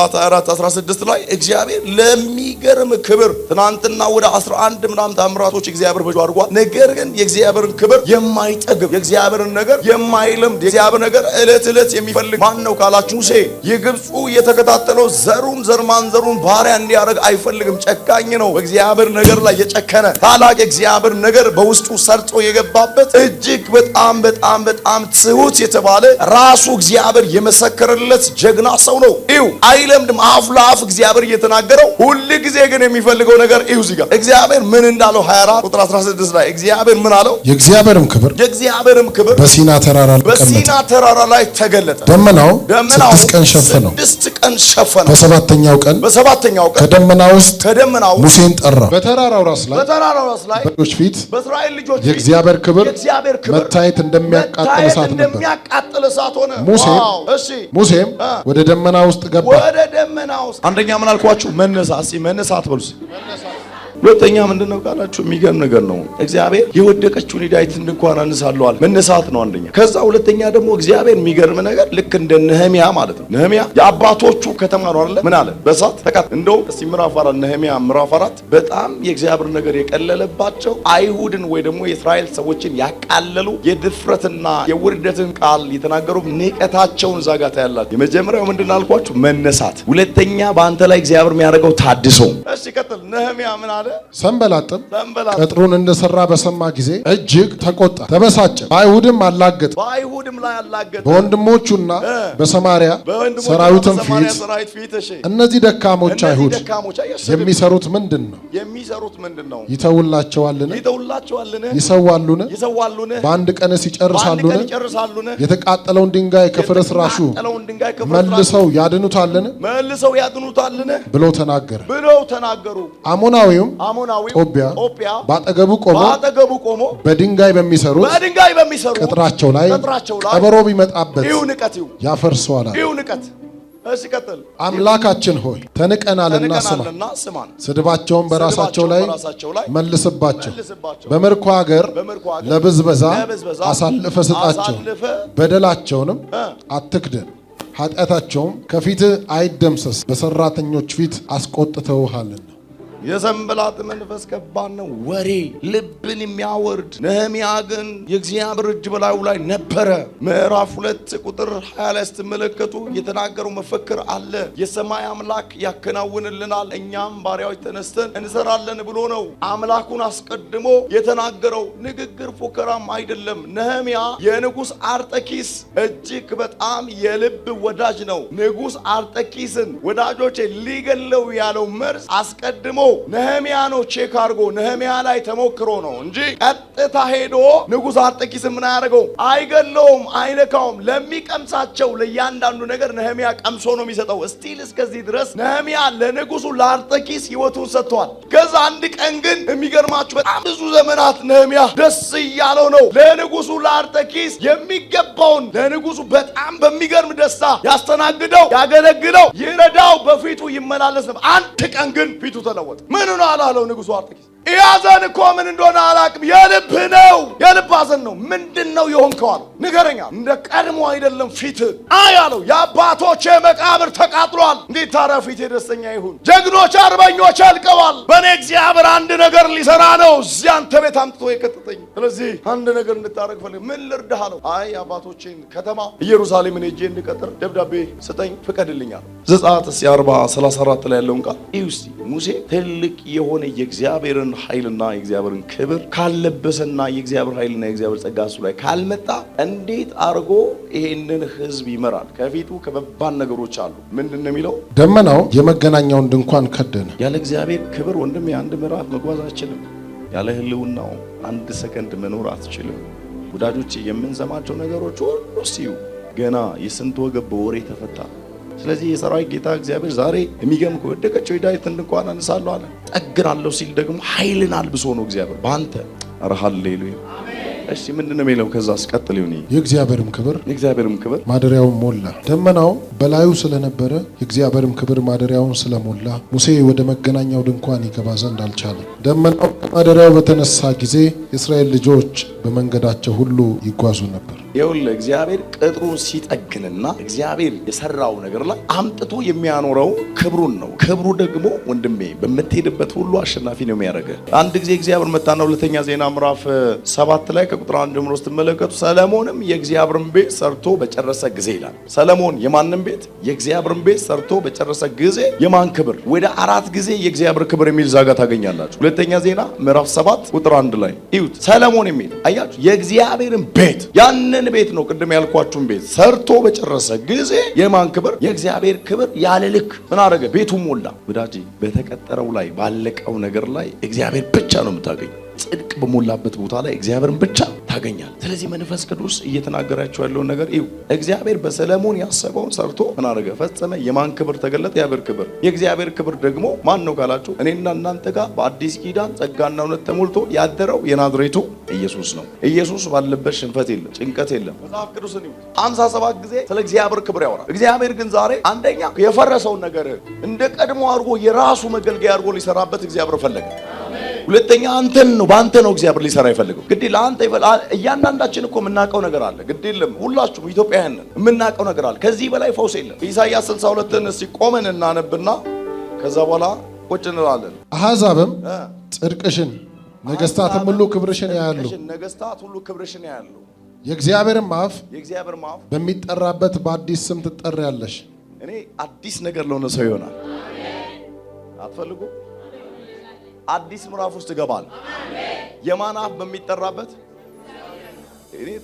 ዘጸአት 16 ላይ እግዚአብሔር ለሚገርም ክብር ትናንትና ወደ 11 ምናምን ታምራቶች እግዚአብሔር በጆ አድርጓል። ነገር ግን የእግዚአብሔርን ክብር የማይጠግብ የእግዚአብሔርን ነገር የማይለምድ የእግዚአብሔር ነገር እለት እለት የሚፈልግ ማን ነው ካላችሁ ሙሴ የግብፁ የተከታተለው ዘሩም ዘርማን ዘሩን ባሪያ እንዲያደርግ አይፈልግም። ጨካኝ ነው። በእግዚአብሔር ነገር ላይ የጨከነ ታላቅ የእግዚአብሔር ነገር በውስጡ ሰርጾ የገባበት እጅግ በጣም በጣም በጣም ትሁት የተባለ ራሱ እግዚአብሔር የመሰከረለት ጀግና ሰው ነው ይው አይለምድም። አፍ ለአፍ እግዚአብሔር እየተናገረው ሁል ጊዜ ግን የሚፈልገው ነገር ይሁ እዚህ ጋር እግዚአብሔር ምን እንዳለው 24 ቁጥር 16 ላይ እግዚአብሔር ምን አለው? የእግዚአብሔርም ክብር የእግዚአብሔርም ክብር በሲና ተራራ ላይ በሲና ተራራ ላይ ተገለጠ። ደመናው ደመናው ስድስት ቀን ሸፈነው ስድስት ቀን ሸፈነው። በሰባተኛው ቀን በሰባተኛው ቀን ከደመና ውስጥ ከደመናው ሙሴን ጠራ። በተራራው ራስ ላይ በተራራው ራስ ላይ በልጆች ፊት በእስራኤል ልጆች የእግዚአብሔር ክብር ክብር መታየት እንደሚያቃጥል እሳት ነበር። እንደሚያቃጥል ሆነ። ሙሴም ወደ ደመና ውስጥ ገባ። በደመና ውስጥ አንደኛ ምን አልኳችሁ? መነሳት። እስኪ መነሳት በሉ ሁለተኛ ምንድነው ቃላችሁ? የሚገርም ነገር ነው። እግዚአብሔር የወደቀችውን ዳዊት እንኳን አነሳለሁ መነሳት ነው አንደኛ። ከዛ ሁለተኛ ደግሞ እግዚአብሔር የሚገርም ነገር ልክ እንደ ነህሚያ ማለት ነው። ነህሚያ የአባቶቹ ከተማ ነው አለ ምን አለ? በሳት ተቃ እንደውም እስቲ ምዕራፍ አራት ነህሚያ ምዕራፍ አራት በጣም የእግዚአብሔር ነገር የቀለለባቸው አይሁድን ወይ ደግሞ የእስራኤል ሰዎችን ያቃለሉ የድፍረትና የውርደትን ቃል የተናገሩ ንቀታቸውን ዛጋ ታያላችሁ። የመጀመሪያው ምንድን አልኳችሁ? መነሳት። ሁለተኛ በአንተ ላይ እግዚአብሔር የሚያደርገው ታድሶ። እሺ ቀጥል። ነህሚያ ምን አለ? ሰንበላጥም ቅጥሩን እንደሰራ በሰማ ጊዜ እጅግ ተቆጣ፣ ተበሳጨ። በአይሁድም አላገጠ በወንድሞቹና በሰማሪያ ሰራዊትም ፊት እነዚህ ደካሞች አይሁድ የሚሰሩት ምንድን ነው? ይተውላቸዋልን? ይሰዋሉን? በአንድ ቀንስ ይጨርሳሉን? የተቃጠለውን ድንጋይ ከፍርስራሹ መልሰው ያድኑታልን? ብሎ ተናገረ። አሞናዊውም አሞናዊው ጦቢያ ቆሞ በድንጋይ በሚሰሩት ቅጥራቸው ላይ ቀበሮ ቢመጣበት ያፈርሰዋል። አምላካችን ሆይ ተንቀናልና ስማን፣ ስድባቸውን በራሳቸው ላይ መልስባቸው፣ በምርኮ ለብዝበዛ አሳልፈ ስጣቸው፣ በደላቸውንም አትክደን፣ ኃጢአታቸውም ከፊትህ አይደምሰስ፣ በሰራተኞች ፊት አስቆጥተውሃልን። የሰንበላት መንፈስ ከባድ ነው። ወሬ ልብን የሚያወርድ ነህሚያ ግን የእግዚአብሔር እጅ በላዩ ላይ ነበረ። ምዕራፍ ሁለት ቁጥር 20 ላይ ስትመለከቱ የተናገረው መፈክር አለ። የሰማይ አምላክ ያከናውንልናል እኛም ባሪያዎች ተነስተን እንሰራለን ብሎ ነው አምላኩን አስቀድሞ የተናገረው ንግግር ፉከራም አይደለም። ነህሚያ የንጉሥ አርጠኪስ እጅግ በጣም የልብ ወዳጅ ነው። ንጉሥ አርጠኪስን ወዳጆቼ ሊገለው ያለው መርስ አስቀድሞ ነህሚያ ነው ቼክ አድርጎ ነህሚያ ላይ ተሞክሮ ነው እንጂ ቀጥታ ሄዶ ንጉሥ አርጠኪስ ምን አያደርገውም፣ አይገለውም፣ አይነካውም። ለሚቀምሳቸው ለእያንዳንዱ ነገር ነህሚያ ቀምሶ ነው የሚሰጠው። እስቲል እስከዚህ ድረስ ነህሚያ ለንጉሱ ለአርጠኪስ ህይወቱን ሰጥቷል። ከዛ አንድ ቀን ግን የሚገርማችሁ በጣም ብዙ ዘመናት ነህሚያ ደስ እያለው ነው ለንጉሱ ለአርጤኪስ የሚገባውን ለንጉሱ በጣም በሚገርም ደስታ ያስተናግደው፣ ያገለግለው፣ ይረዳው፣ በፊቱ ይመላለስ ነበር። አንድ ቀን ግን ፊቱ ተለወጠ። ምን ነው አላለው ንጉሱ አርጤክስስ። ኢያዘን እኮ ምን እንደሆነ አላቅም፣ የልብ ነው በልብ ሐዘን ነው። ምንድን ነው የሆንከው አለው። ንገረኛ እንደ ቀድሞ አይደለም ፊት አይ አለው። የአባቶቼ መቃብር ተቃጥሏል። እንዴት ታዲያ ፊቴ ደስተኛ ይሁን? ጀግኖች አርበኞች አልቀዋል። በእኔ እግዚአብሔር አንድ ነገር ሊሰራ ነው። እዚያ አንተ ቤት አምጥቶ የከተተኝ። ስለዚህ አንድ ነገር እንድታደረግ ፈልግ። ምን ልርዳህ አለው። አይ አባቶቼን ከተማ ኢየሩሳሌምን ሄጄ እንድቀጥር ደብዳቤ ስጠኝ ፍቀድልኛል። ዘጸአት እስኪ 40 34 ላይ ያለውን ቃል ይህ ውስጥ ሙሴ ትልቅ የሆነ የእግዚአብሔርን ኃይልና የእግዚአብሔርን ክብር ካለበሰና የእግዚአብሔር ኃይልና የእግዚአብሔር ጸጋ እሱ ላይ ካልመጣ እንዴት አድርጎ ይሄንን ህዝብ ይመራል? ከፊቱ ከመባን ነገሮች አሉ። ምንድን ነው የሚለው? ደመናው የመገናኛውን ድንኳን ከደነ። ያለ እግዚአብሔር ክብር ወንድም የአንድ ምዕራፍ መጓዝ አችልም። ያለ ህልውናው አንድ ሰከንድ መኖር አትችልም። ወዳጆቼ የምንሰማቸው ነገሮች ሁሉ ሲዩ ገና የስንት ወገብ በወሬ ተፈታ። ስለዚህ የሰራዊት ጌታ እግዚአብሔር ዛሬ የሚገም ከወደቀችው ዳዊትን ድንኳን አነሳለሁ አለ። ጠግናለሁ ሲል ደግሞ ኃይልን አልብሶ ነው እግዚአብሔር በአንተ ሌሉ ሃሌሉያ እሺ ምንድን ነው የሚለው? ከዛ አስቀጥል ይሁን የእግዚአብሔርም ክብር የእግዚአብሔርም ክብር ማደሪያውን ሞላ ደመናውም በላዩ ስለነበረ የእግዚአብሔርም ክብር ማደሪያውን ስለሞላ ሙሴ ወደ መገናኛው ድንኳን ይገባ ዘንድ አልቻለም። ደመናው ከማደሪያው በተነሳ ጊዜ የእስራኤል ልጆች በመንገዳቸው ሁሉ ይጓዙ ነበር። ይኸውልህ እግዚአብሔር ቅጥሩን ሲጠግንና እግዚአብሔር የሰራው ነገር ላይ አምጥቶ የሚያኖረው ክብሩን ነው። ክብሩ ደግሞ ወንድሜ በምትሄድበት ሁሉ አሸናፊ ነው የሚያደርገ አንድ ጊዜ እግዚአብሔር መታና ሁለተኛ ዜና ምዕራፍ ሰባት ላይ ከቁጥር አንድ ጀምሮ ስትመለከቱ ሰለሞንም የእግዚአብሔርን ቤት ሰርቶ በጨረሰ ጊዜ ይላል። ሰለሞን የማንም ቤት ቤት የእግዚአብሔርን ቤት ሰርቶ በጨረሰ ጊዜ የማን ክብር? ወደ አራት ጊዜ የእግዚአብሔር ክብር የሚል ዛጋ ታገኛላችሁ። ሁለተኛ ዜና ምዕራፍ ሰባት ቁጥር አንድ ላይ እዩት። ሰለሞን የሚል አያችሁ፣ የእግዚአብሔርን ቤት ያንን ቤት ነው ቅድም ያልኳችሁን ቤት ሰርቶ በጨረሰ ጊዜ የማን ክብር? የእግዚአብሔር ክብር ያለ ልክ ምን አደረገ? ቤቱ ሞላ። ወዳጅ በተቀጠረው ላይ ባለቀው ነገር ላይ እግዚአብሔር ብቻ ነው የምታገኙ። ጽድቅ በሞላበት ቦታ ላይ እግዚአብሔርን ብቻ ታገኛል። ስለዚህ መንፈስ ቅዱስ እየተናገራቸው ያለውን ነገር ይው እግዚአብሔር በሰለሞን ያሰበውን ሰርቶ ምን አደረገ? ፈጸመ። የማን ክብር ተገለጠ? የእግዚአብሔር ክብር። የእግዚአብሔር ክብር ደግሞ ማን ነው ካላችሁ እኔና እናንተ ጋር በአዲስ ኪዳን ጸጋና እውነት ተሞልቶ ያደረው የናዝሬቱ ኢየሱስ ነው። ኢየሱስ ባለበት ሽንፈት የለም፣ ጭንቀት የለም። መጽሐፍ ቅዱስን ይሁን ሃምሳ ሰባት ጊዜ ስለ እግዚአብሔር ክብር ያወራል። እግዚአብሔር ግን ዛሬ አንደኛ የፈረሰውን ነገር እንደ ቀድሞ አድርጎ የራሱ መገልገያ አድርጎ ሊሰራበት እግዚአብሔር ፈለገ። ሁለተኛ አንተን ነው በአንተ ነው እግዚአብሔር ሊሰራ ይፈልገው። ግድ ለአንተ እያንዳንዳችን እኮ የምናውቀው ነገር አለ። ግድ የለም ሁላችሁም ኢትዮጵያውያን የምናውቀው ነገር አለ። ከዚህ በላይ ፈውስ የለም። ኢሳይያስ 62ን እስቲ ቆመን እናነብና ከዛ በኋላ ቁጭ እንላለን። አሕዛብም ጽድቅሽን ነገስታትም ሁሉ ክብርሽን ያያሉ። ነገስታት ሁሉ ክብርሽን ያያሉ። የእግዚአብሔርም አፍ በሚጠራበት በአዲስ ስም ትጠሪያለሽ። እኔ አዲስ ነገር ለሆነ ሰው ይሆናል። አትፈልጉ አዲስ ምዕራፍ ውስጥ ይገባል። የማን አፍ በሚጠራበት እኔ